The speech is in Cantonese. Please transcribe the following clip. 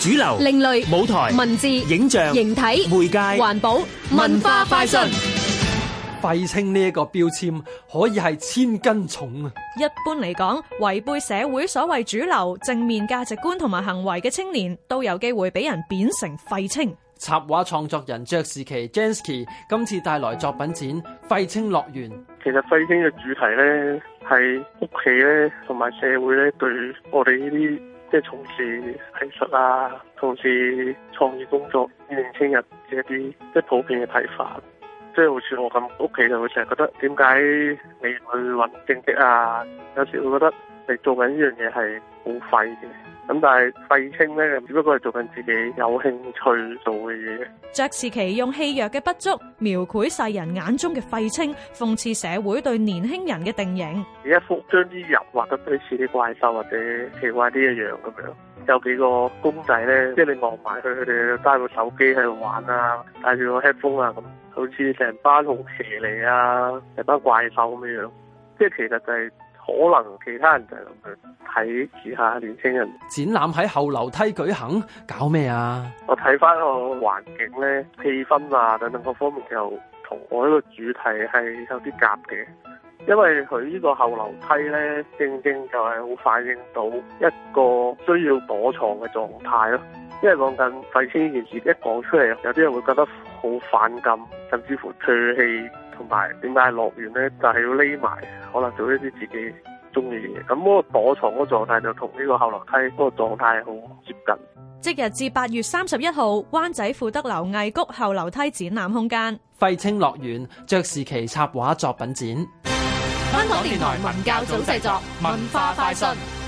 主流、另類舞台、文字、影像、形體、媒介、環保、文化快訊。廢青呢一個標籤可以係千斤重啊！一般嚟講，違背社會所謂主流正面價值觀同埋行為嘅青年，都有機會俾人貶成廢青。插畫創作人卓士奇 Jansky 今次帶來作品展《廢青樂園》。其實廢青嘅主題呢係屋企咧，同埋社會咧，對我哋呢啲。即係從事藝術啊，從事創意工作，年輕人嘅一啲即係普遍嘅睇法，即係好似我咁，屋企就會成日覺得點解你去揾正職啊？有時會覺得你做緊依樣嘢係好廢嘅。咁但係廢青咧，只不過係做緊自己有興趣做嘅嘢。卓士奇用戲謔嘅不足描繪世人眼中嘅廢青，諷刺社會對年輕人嘅定型。而一幅將啲人畫得好似啲怪獸或者奇怪啲嘅樣咁樣，有幾個公仔咧，即係你望埋佢，佢哋揸部手機喺度玩啊，戴住個 headphone 啊，咁好似成班好蛇嚟啊，成班怪獸咁樣，即係其實就係、是。可能其他人就係諗住睇其下年輕人。展覽喺後樓梯舉行，搞咩啊？我睇翻個環境咧、氣氛啊等等各方面，又同我呢個主題係有啲夾嘅。因為佢呢個後樓梯咧，正正就係好反映到一個需要躲藏嘅狀態咯。因為講緊廢青件事一講出嚟，有啲人會覺得好反感，甚至乎唾棄。同埋點解樂園咧就係要匿埋，可能做一啲自己中意嘅嘢。咁嗰個躲藏嗰狀態就同呢個後樓梯嗰個狀態好接近。即日至八月三十一號，灣仔富德樓藝谷後樓梯展覽空間廢青樂園爵士旗插畫作品展。香港電台文教組製作，文化快訊。